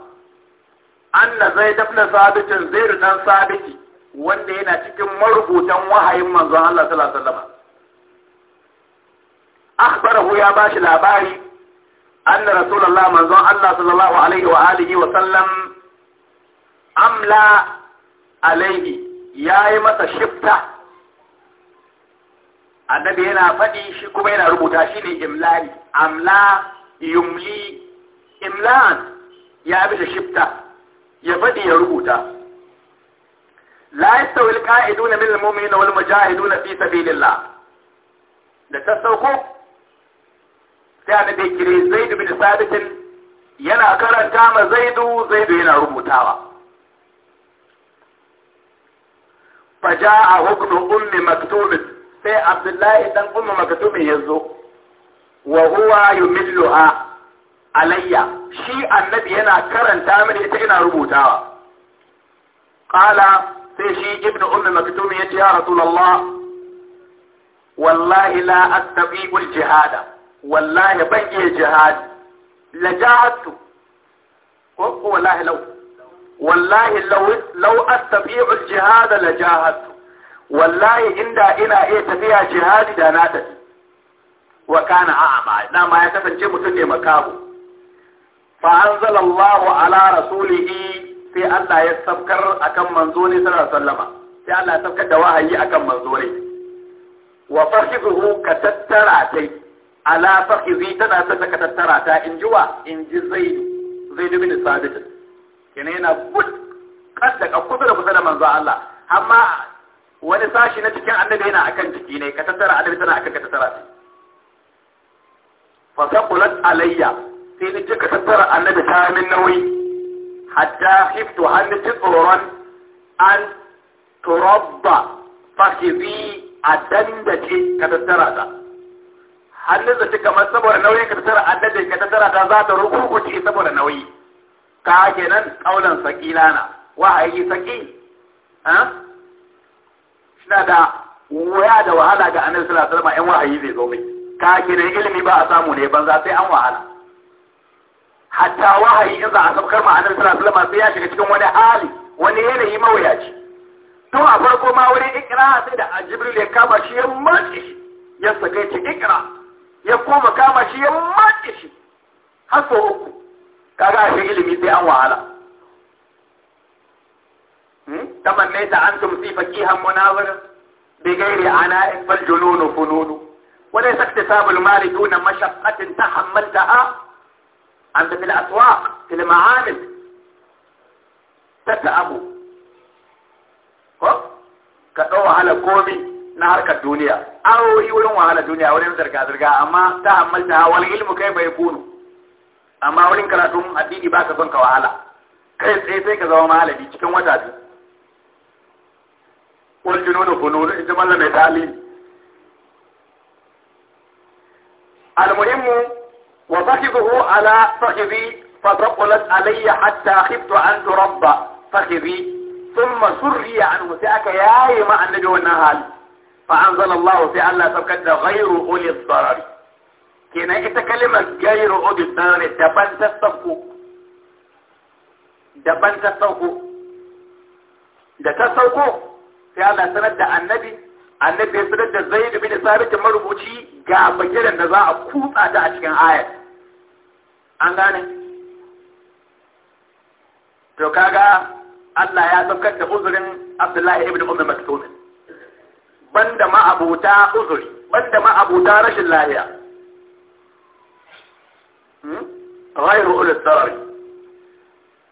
anna zaid ibn sabit zaid dan sabiti wanda yana cikin marubutan wahayin manzon Allah sallallahu alaihi wasallam akhbarahu ya bashi labari anna rasulullah manzon Allah sallallahu alaihi wa alihi wa sallam amla alaihi yayi masa shifta annabi yana faɗi shi kuma yana rubuta shi ne imlali amla yumli imla'an ya bi da shifta ya faɗi ya rubuta la ƙa'idu qa'iduna min al-mu'minina wal mujahiduna fi sabilillah da ta sai annabi kire zaid bin sabit yana karanta ma zaidu zaidu yana rubutawa faja'a hukmu ummi maktubin sai abdullahi dan ummi maktubin yazo وهو يملها علي شيء النبي هنا كرن من يتقنى ربوتها قال في شيء ابن أم مكتوم يتي يا رسول الله والله لا أتبيب الجهاد والله بني الجهاد لجعدت والله لو والله لو لو أتبيع الجهاد لجاهدت والله إن دا إنا إيه تبيع جهاد دا wa kana a'ama dama ya kasance mutum ne makaho fa anzalallahu ala rasulihi sai Allah ya sabkar akan manzo ne sallallahu alaihi wasallama sai Allah ya sabkar da wahayi akan manzo ne wa fakhidhu ka tattara sai, ala fakhidhi tana ta ka tattara ta in jiwa in ji zaid zaid bin sabit kenan yana gud kadda ka kusa da kusa da manzo Allah amma wani sashi na cikin annabi yana akan jiki ne ka tattara annabi tana akan ka tattara tai fa saqulat alayya sai ni kika tattara annabi ta min nauyi hatta hiftu an ni tsoron an turabba fakizi a dandace ka tattara ta hannun da kamar saboda nauyi ka tattara annabi ka tattara ta za ta rukukuce saboda nauyi ka kenan kaulan sakilana wa ayi saki ha da waya da wahala ga annabi sallallahu alaihi zai zo kagirin ilimi ba a samu ne banza sai an wahala hatta wahayi in za a sabkar ma'anar sulama sai ya shiga cikin wani hali wani yanayi mawuyaci tun a farko ma wani ikira sai da jibril ya kama shi ya matse shi ya saka ce ikira ya koma kama shi ya matse shi har sau uku kaga shi ilimi sai an wahala Ta an tumsi أن تمسي فكيها مناظر بغير عناء na fununu وليس اكتساب المال دون مشقة تحملتها عند في الأسواق في المعامل تتأم كتو على قومي نارك الدنيا أو يولون على الدنيا أو ينزل كذل أما تحملتها والعلم كيف يكون أما ولين كراتهم الدين باك سن كوالا كيف سيسي كذو مالا بيش كم وجاتي والجنون فنون إذا ما لم يتعلم المهم وفخذه على فخذي فثقلت علي حتى خفت أن تربى فخذي ثم سري عنه سأك يا مع النبي والنهال فأنزل الله في الله تكد غير أولي الضرر كنا يتكلم غير أولي الضرر دبن تستوكو دبن تستوكو دبن ta في sai Allah sanar النبي annabi ya sanar da zaid bin sabit marubuci ga bagiran da za a kutsa ta a cikin ayat an gane to kaga Allah ya saukar da uzurin Abdullahi ibn Umar Maktum banda ma abuta uzuri banda ma abuta rashin lahiya hmm? ghairu ulul sarar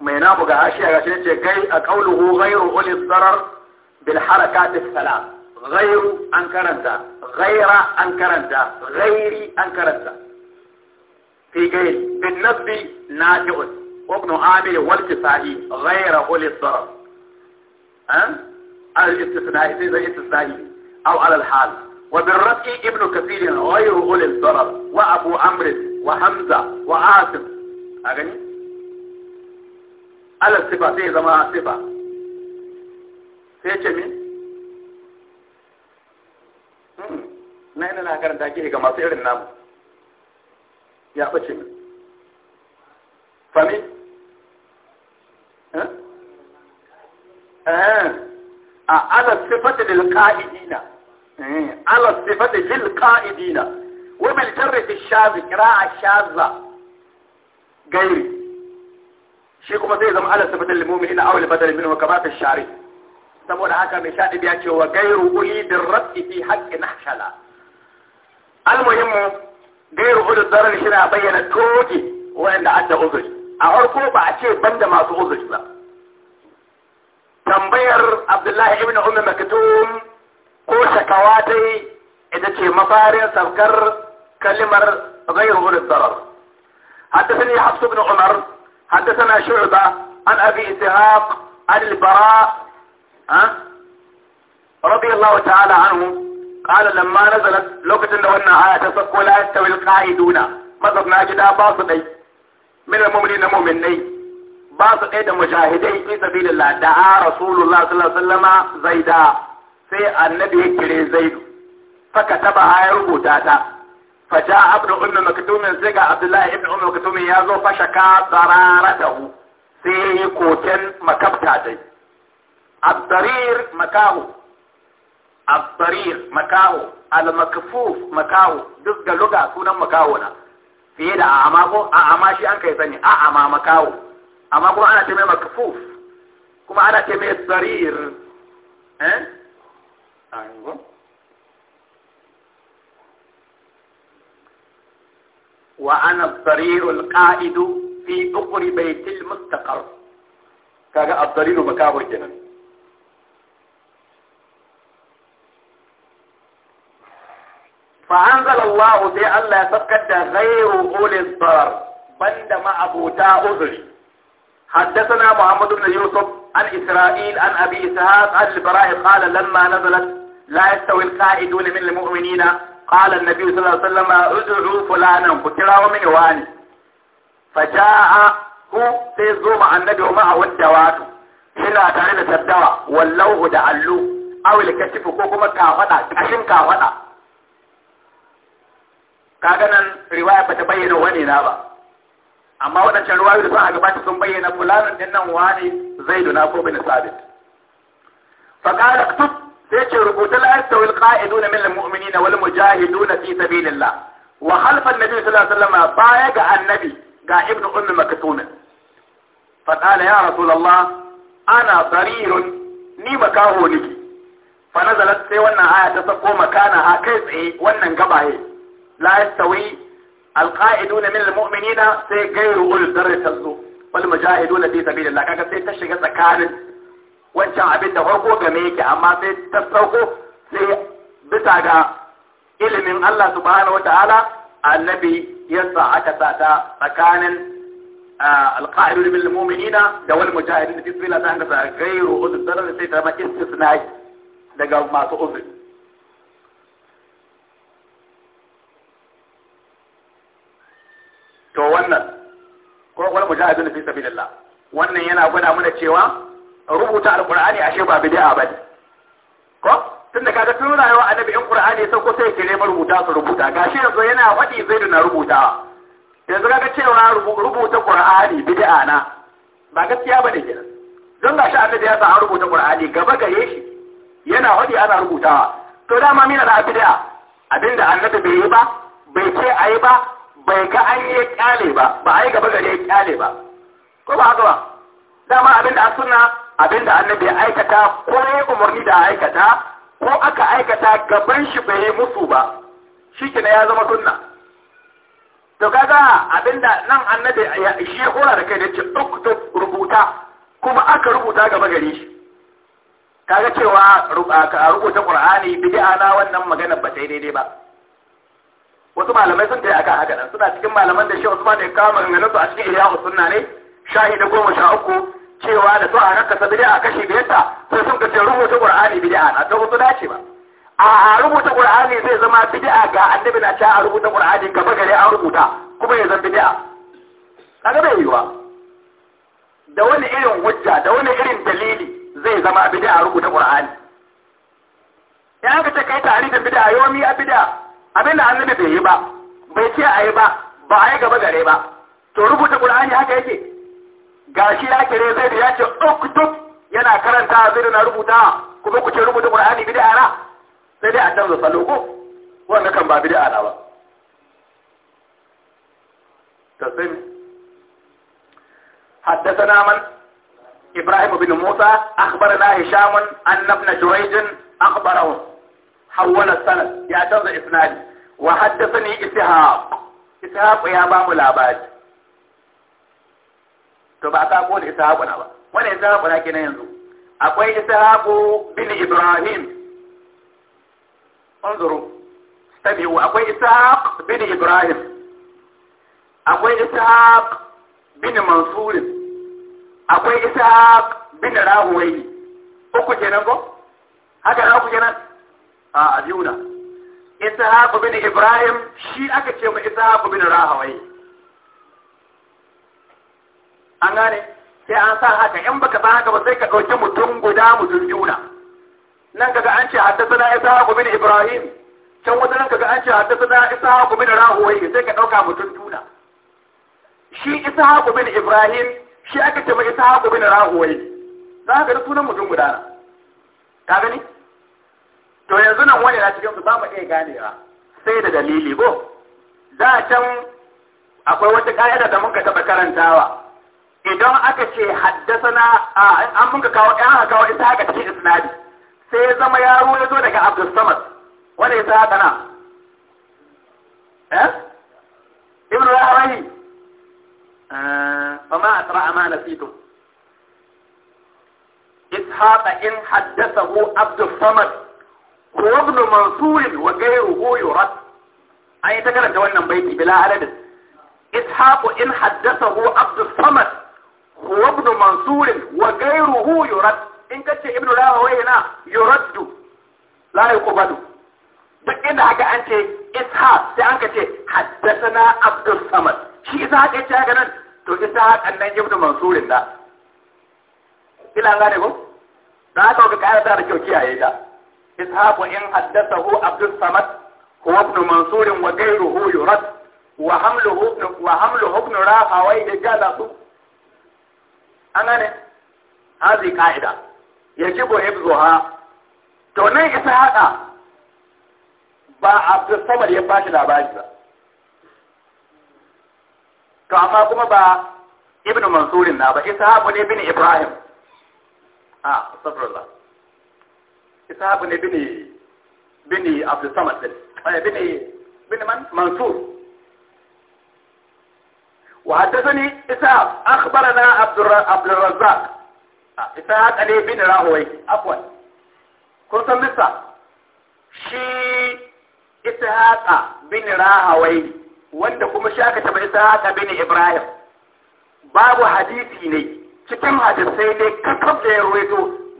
mai na buga hashiya gashi ne ce kai a qauluhu ghairu ulul sarar bil harakat salam غير أنكرتها غير أنكرتها غير أنكرتها في قيل بالنسب ناجئ وابن عامر والكسائي غير أولي الضرر أه؟ على الاستثناء إذا استثنائي أو على الحال وبالرفق ابن كثير غير أولي الضرر وأبو عمرو وحمزة وعاصم أغني على الصفة زي زمان صفة سيتمين na ina na karanta ki ga masu irin namu ya bace min fami a ala sifata lil qa'idina ala sifata lil qa'idina wa bil jarri fi shaz qira'a shazza gairi shi kuma zai zama ala sifata lil mu'minina aw lil badal minhu kama fi shari saboda haka mai shaɗi ya ce wa gairu uli bin rabbi fi haqqin hashala المهم غير هو الضرر شنو بين التوجي وين عدى أزج أعرفوا بعد شيء بند ما تغزج لا تنبير عبد الله ابن أم مكتوم قوش كواتي إذا شيء مفارق سبكر كلمر غير هو الضرر حدثني حفص بن عمر حدثنا شعبة عن أبي إسهاق عن البراء ها رضي الله تعالى عنه قال لما نزلت لوكتن دونا آية تسقو لا يستوي القائدون مصر ناجدا باصد اي من المؤمنين المؤمنين باصد اي دا في سبيل الله دعا رسول الله صلى الله عليه وسلم زيدا في النبي كري زيد فكتب آية ربوتاتا فجاء ابن ام مكتوم زيغا عبد الله ابن ام مكتوم يازو فشكا ضرارته سي كوتن مكبتاتي الضرير مكاهو abbarir makaho almakfuf makaho duk da luga sunan makaho na fiye da a'ama ko a'ama shi an kai sani a'ama makaho amma kuma ana ce mai makfuf kuma ana ce mai sarir eh wa ana sarirul qa'idu fi uqri baitil mustaqar kaga abdariru makaho kenan فأنزل الله سي الله سبكت غير أولي الضرر بند ما أبوتا أذري حدثنا محمد بن يوسف عن إسرائيل عن أبي إسحاق عن البراء قال لما نزلت لا يستوي القائدون من المؤمنين قال النبي صلى الله عليه وسلم ادعوا فلانا فكرا ومن واني فجاء هو سيزوم عن النبي ومعه الدوات هنا تعالى الدواء ولوه دعلو أو الكشف كوكما كافتا عشان كافتا kaga nan riwaya bata bayyana wani na ba amma waɗancan riwayoyi da sun a gabata sun bayyana fulanin din nan wani zaidu na ko bin sabit fa qala aktub sai ce rubuta la yastawi alqa'iduna min almu'minina wal mujahiduna fi sabilillah wa khalfa annabi sallallahu alaihi wasallam baya ga annabi ga ibnu ummi maktum fa qala ya rasulullah ana sarirun ni makaho niki fa nazalat sai wannan aya ta sako makana ha kai tsaye wannan gabaye لا يستوي القائدون من المؤمنين سي غير اول درجه الذو والمجاهدون في سبيل الله كذا سي تشيغا تسكارن وانشان عبيد ده هرقو جميك اما سي تستوكو سي بتاقى علم الله سبحانه وتعالى النبي يسعى كساتا مكان آه، القائدون من المؤمنين دول المجاهدين في سبيل الله غير اول درجه سي تسكارن استثناء ده قال ما تؤذن wannan ko wal mujahidun fi sabilillah wannan yana gwada mana cewa rubuta alqur'ani ashe ba bid'a ne ko tunda kaga tun rayuwa annabi in qur'ani sai ko sai kire rubuta su rubuta gashi yanzu yana wadi zaidu na rubuta yanzu kaga cewa rubuta qur'ani bid'a na ba gaskiya ba ne kenan don gashi annabi ya sa rubuta qur'ani gaba gare shi yana wadi ana rubutawa to dama mina da bid'a abinda annabi bai yi ba bai ce ayi ba bai ga an yi kyale ba ba a yi gaba gare ya kyale ba ko ba haka ba dama abin da suna abin da annabi ya aikata ko ya yi umarni da aikata ko aka aikata gaban shi bai yi musu ba shi kina ya zama sunna to kaga da nan annabi shi hura da kai da ce da rubuta kuma aka rubuta gaba gare shi ga cewa a rubuta qur'ani bid'a na wannan magana ba daidai ba wasu malamai sun kai aka haka nan suna cikin malaman da shi Usman da kawo maganganun su a cikin Ihya Sunna ne shahida goma sha uku cewa da su a nakasa bid'a kashi biyarta sai sun kace rubuta Qur'ani bid'a na to su dace ba a rubuta Qur'ani zai zama bid'a ga annabi na cewa a rubuta Qur'ani gaba gare an rubuta kuma ya zama bid'a kaga bai yiwa da wani irin hujja da wani irin dalili zai zama bid'a rubuta Qur'ani ya ga ta kai tarihin bid'a yomi a bid'a abinda annabi bai yi ba bai ce a yi ba ba a yi gaba gare ba to rubuta qur'ani haka yake gashi ya kire zai da ya ce uktub yana karanta zai na rubuta kuma ku ce rubuta qur'ani da ara sai dai a canza salo ko wanda kan ba bi da ara ba tasbih حدثنا من إبراهيم بن موسى أخبرنا هشام أن ابن جريج أخبره حول السند يا تنزع إسنادي وحدثني إسحاق إسحاق يا بام العباد تبعتا تقول إسحاق ونبا ولا إسحاق ولكن ينزو أقوى إسحاق بن إبراهيم انظروا استمعوا أقوى إسحاق بن إبراهيم أقوى إسحاق بن منصور أقوى إسحاق بن راهوي أكو جنبه هكذا za ku kenan a ita haku bin ibrahim shi aka ce ma haku bin rahawai an gane sai an sa haka in baka san haka ba sai ka ɗauki mutum guda mutum juna nan kaga an ce haddasa haku bin ibrahim can wata nan kaga an ce haddasa haku bin rahawai sai ka ɗauka mutum juna shi haku bin ibrahim shi aka ce ma haku bin rahawai za ka ga sunan mutum guda na, ka gani to yanzu nan wani na cikin su ba mu iya ganewa sai da dalili ko za a can akwai wata ka'ida da muka taɓa karantawa idan aka ce haddasana an muka kawo ɗan aka kawo ta haka cikin isnadi sai ya zama yaro ya zo daga abdul samad wanda ya haka na eh ibnu rahmani eh, fa ma atra amana fitu ishaq in haddathahu abdul samad ko ibn mansur wa ghayruhu yurad an yi ta karanta wannan baiti bila adadin ishaq in haddathahu abd samad ko ibn mansur wa ghayruhu yurad in kace ibn rahawai na yuraddu la yuqbalu duk inda haka an ce ishaq sai an kace haddathana abd samad shi ishaq ya ce haka nan to ishaq annan ibn mansur da ila gane ko da haka ka kara da kyau kiyaye ta إسحاق إن حدثه عبد الصمد هو ابن منصور وغيره يرد وحمله ابن وحمله ابن راهويه جلس أنا هذه قاعدة يجب حفظها تونين إسحاق با عبد الصمد يباش لاباشي to amma kuma ba ibnu mansurin na ba ishaqu ne bin ibrahim a sallallahu كتاب بني بني عبد الصمد آه، بني بني من منصور وحدثني إسحاق أخبرنا عبد عبد الرزاق آه، إسحاق أني بني راهوي عفوا كنت لسا شي إسحاق بن راهوي wanda kuma shi aka بن isa haka bin Ibrahim babu hadisi ne cikin hadisai ne kakaf da ya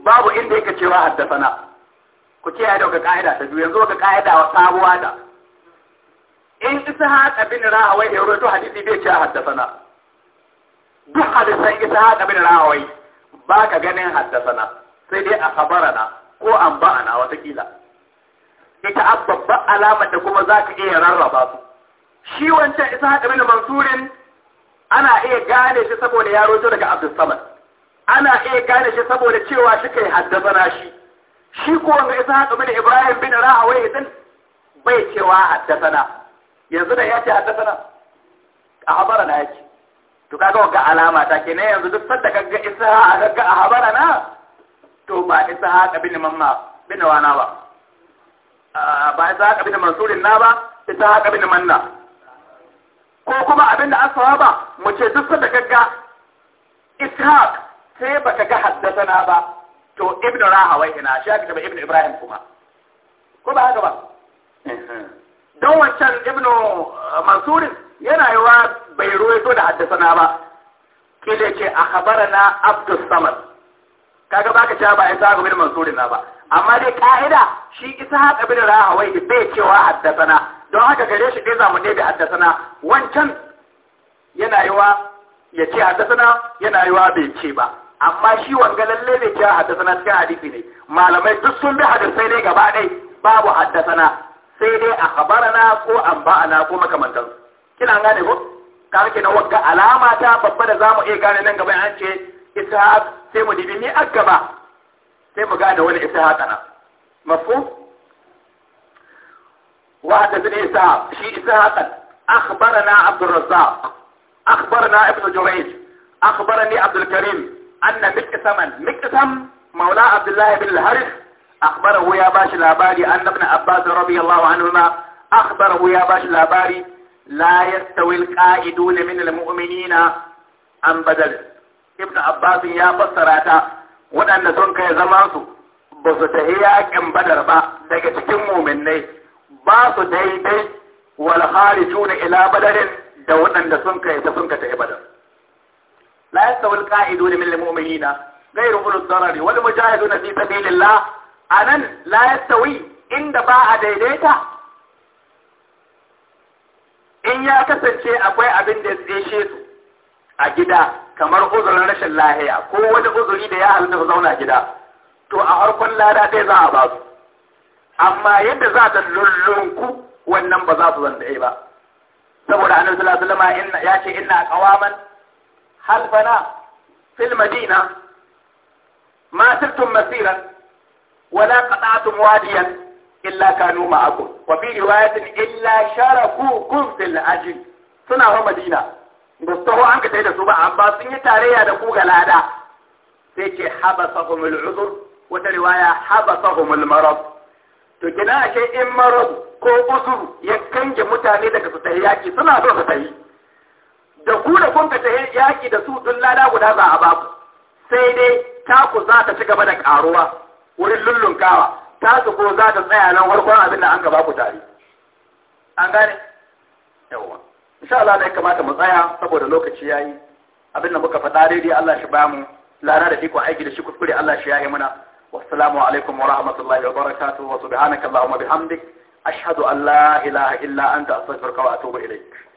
babu inda yake cewa haddasa na ku ce ya dauka ka'ida ta biyu yanzu ka ka'ida wa sabuwa da in isa haka bin rahawai ya to hadisi bai ce a haddasana duk hadisan haka bin rahawai ba ka ganin haddasana sai dai a khabarana ko an ba ana watakila ita a babban alamar da kuma za ka iya rarraba su shi wancan isa haka bin mansurin ana iya gane shi saboda ya rawaito daga abdus samad ana iya gane shi saboda cewa shi kai haddasana shi shi ko wanda ya saka bin Ibrahim bin Ra'awai din bai cewa haddasana yanzu da ya ce haddasana a habara na yake to kaga wanga alama ta kenan yanzu duk sanda kaga isaha a kaga a habara na to ba isaha ka bin mamma bin wana ba ba isa ka bin mansurin na ba isaha ka bin manna ko kuma abin da asawa ba mu ce duk sanda kaga ishaq sai baka ga haddasana ba to ibnu rahawai ina shi aka ibn ibrahim kuma ko ba haka ba don wancan ibnu eh, mansurin yana yi wa bai ruwaito da na ba da ce a habara na abdus samad kaga baka cewa ba isa ga bin mansurin na ba amma dai ka'ida shi isa haka bin rahawai bai cewa haddasa na. don haka gare shi dai zamu ne da na wancan yana yi wa ya ce haddasa na yana yi wa bai ce ba amma shi wanga lalle bai ja haddasana cikin hadisi ne malamai duk sun bi hadisai ne gaba ɗai babu haddasana sai dai a khabarana ko an ba'ana ko makamantan kina gane ko ka rike na wagga alama ta babba da zamu iya gane nan gaba an ce ishaq sai mu dibi ni a gaba sai mu gane wani ishaq ana mafhum wa hadathani ishaq shi ishaq akhbarana abdurrazzaq akhbarana ibnu jurayj akhbarani abdul karim أن مكتسما مكتسم مولى عبد الله بن الحارث أخبره يا باش الأباري أن ابن عباس رضي الله عنهما أخبره يا باش الأباري لا يستوي القائدون من المؤمنين أن بدل ابن عباس يا بصراتا waɗanda sun يا زمانسو ba su tafi yakin badar ba daga cikin muminai ba su daidai wal kharijuna ila badarin da la yastawi alqa'iduna min almu'minina ghayru ulul darari wal mujahiduna fi sabilillah anan la yastawi inda ba a daidaita in ya kasance akwai abin da ya su a gida kamar uzurin rashin lahiya ko wani uzuri da ya halitta su zauna gida to a harkon lada dai za a ba su amma yadda za ta lullunku wannan ba za su zan ba saboda annabi sallallahu alaihi wasallam ya ce inna qawaman halfana fil madina ma sirtum masira wala wadiyan illa kanu ma'akum wa fi riwayatin illa sharakukum fil ajr suna wa madina ba an ka da su ba amma sun yi tarayya da ku ga lada sai ce habasahum al wata riwaya habasahum al to kina ashe in marad ko uzur ya kange mutane daga su yaki suna so su tafi da ku da kun ta yaƙi da su dun lada guda za a baku sai dai taku za ta ci gaba da ƙaruwa wurin lullunkawa tasu ko za ta tsaya nan warkon abin da an gaba ku tare an gane yawa insha Allah ne kamata mu tsaya saboda lokaci yayi abin da muka faɗa dai Allah shi bamu lana da iko aiki da shi kuskure Allah shi yayi mana wassalamu alaikum wa rahmatullahi wa barakatuh wa subhanaka allahumma bihamdik ashhadu an la ilaha illa anta astaghfiruka wa atubu ilaik